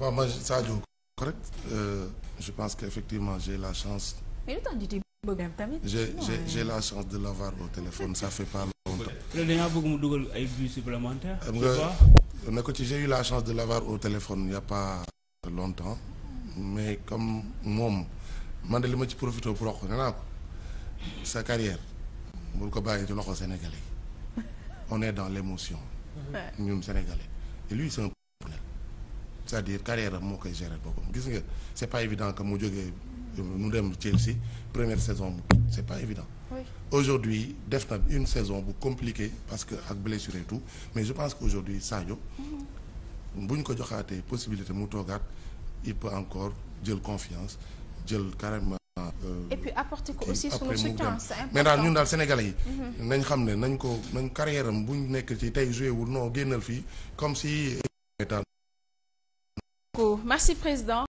waaw man Sadio correct euh, je pense que effectivement j'ai la chance. mais j'ai la chance de l'avoir au téléphone ça fait pas longtemps. loolu mu dugal ay xam nga ne ko ci j'ai eu la chance de l'avoir au téléphone il y a pas longtemps mais comme moom man li ma ci profité pour wax ko nee ko sa carrière bul ko bàyyi ci loxo sénégalais on est dans l'émotion ñun sénégalais et lui c'est c'est-à-dire carrière am moo koy gérer boppam gis nga c'est pas évident que mu jógee mu dem Chelsea première saison c'est pas évident aujourd'hui def na une saison bu compliquée parce que ak blessure tout mais je pense que aujourd'hui Sadio mhm. bu ñu ko joxaatee possibilité mu toogaat il peut encore jël confiance jël carrément euh, et puis apporter ko aussi sunu soutien ñun daal sénégalais yi. Mhm. nañ xam ne nañ ko nañ carrière am nekk ci tey joué wul génnal fii comme si. beaucoup merci président